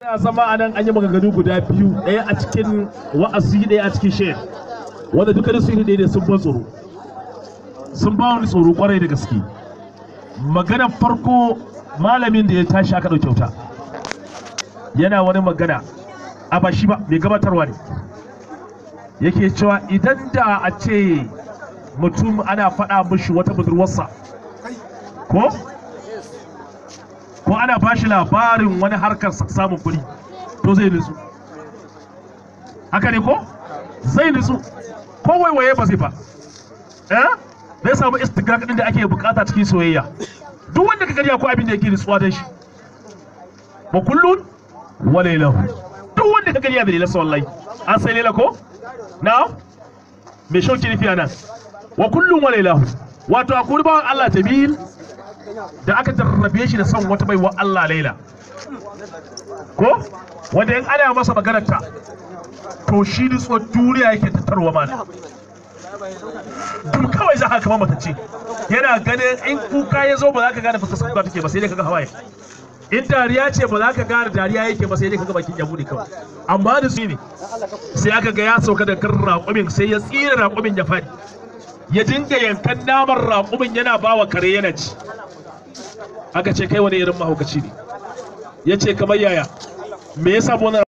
ya zama a nan an yi maganganu guda biyu ɗaya a cikin wa'azi ɗaya a cikin shayar wanda dukkanin su yi daidai ne sun ban tsoro sun ba wani tsoro kwarai da gaske magana farko malamin da ya tashi aka ɗauki kyauta yana wani magana a ba shi ba mai gabatarwa ne yake cewa idan da a ce mutum ana faɗa mushi wata budurwarsa ko ko ana ba shi labarin wani harkar samun kuɗi to zai nutsu haka ne ko zai nutsu ko waiwaye ba zai ba eh zai samu istigraq din da ake bukata cikin soyayya duk wanda ka gariya ko abin da yake nutsuwa dan shi ba kullun wa lailahu duk wanda ka gariya da da wallahi an sai laila ko na me shauki nufi anan wa kullun wa lailahu wato akwai bawan Allah tabil da aka jarrabe shi da son wata baiwa Allah laila ko wanda in ana masa maganarta to shi nutso duniya yake tattarwa mana dum kawai za ka kama ce yana ganin in kuka ya zo ba za ka gane fuskar kuka take ba sai dai ka ga hawaye in dariya ce ba za ka gane dariya yake ba sai dai ka ga bakin yabu ne kawai amma da su ne sai aka ga ya sauka da kan raƙumin sai ya tsira raƙumin ya fadi ya dinga yankan naman raƙumin yana bawa kare yana ci aka ce kai wani irin mahaukaci ne ya ce kamar yaya me yasa bonar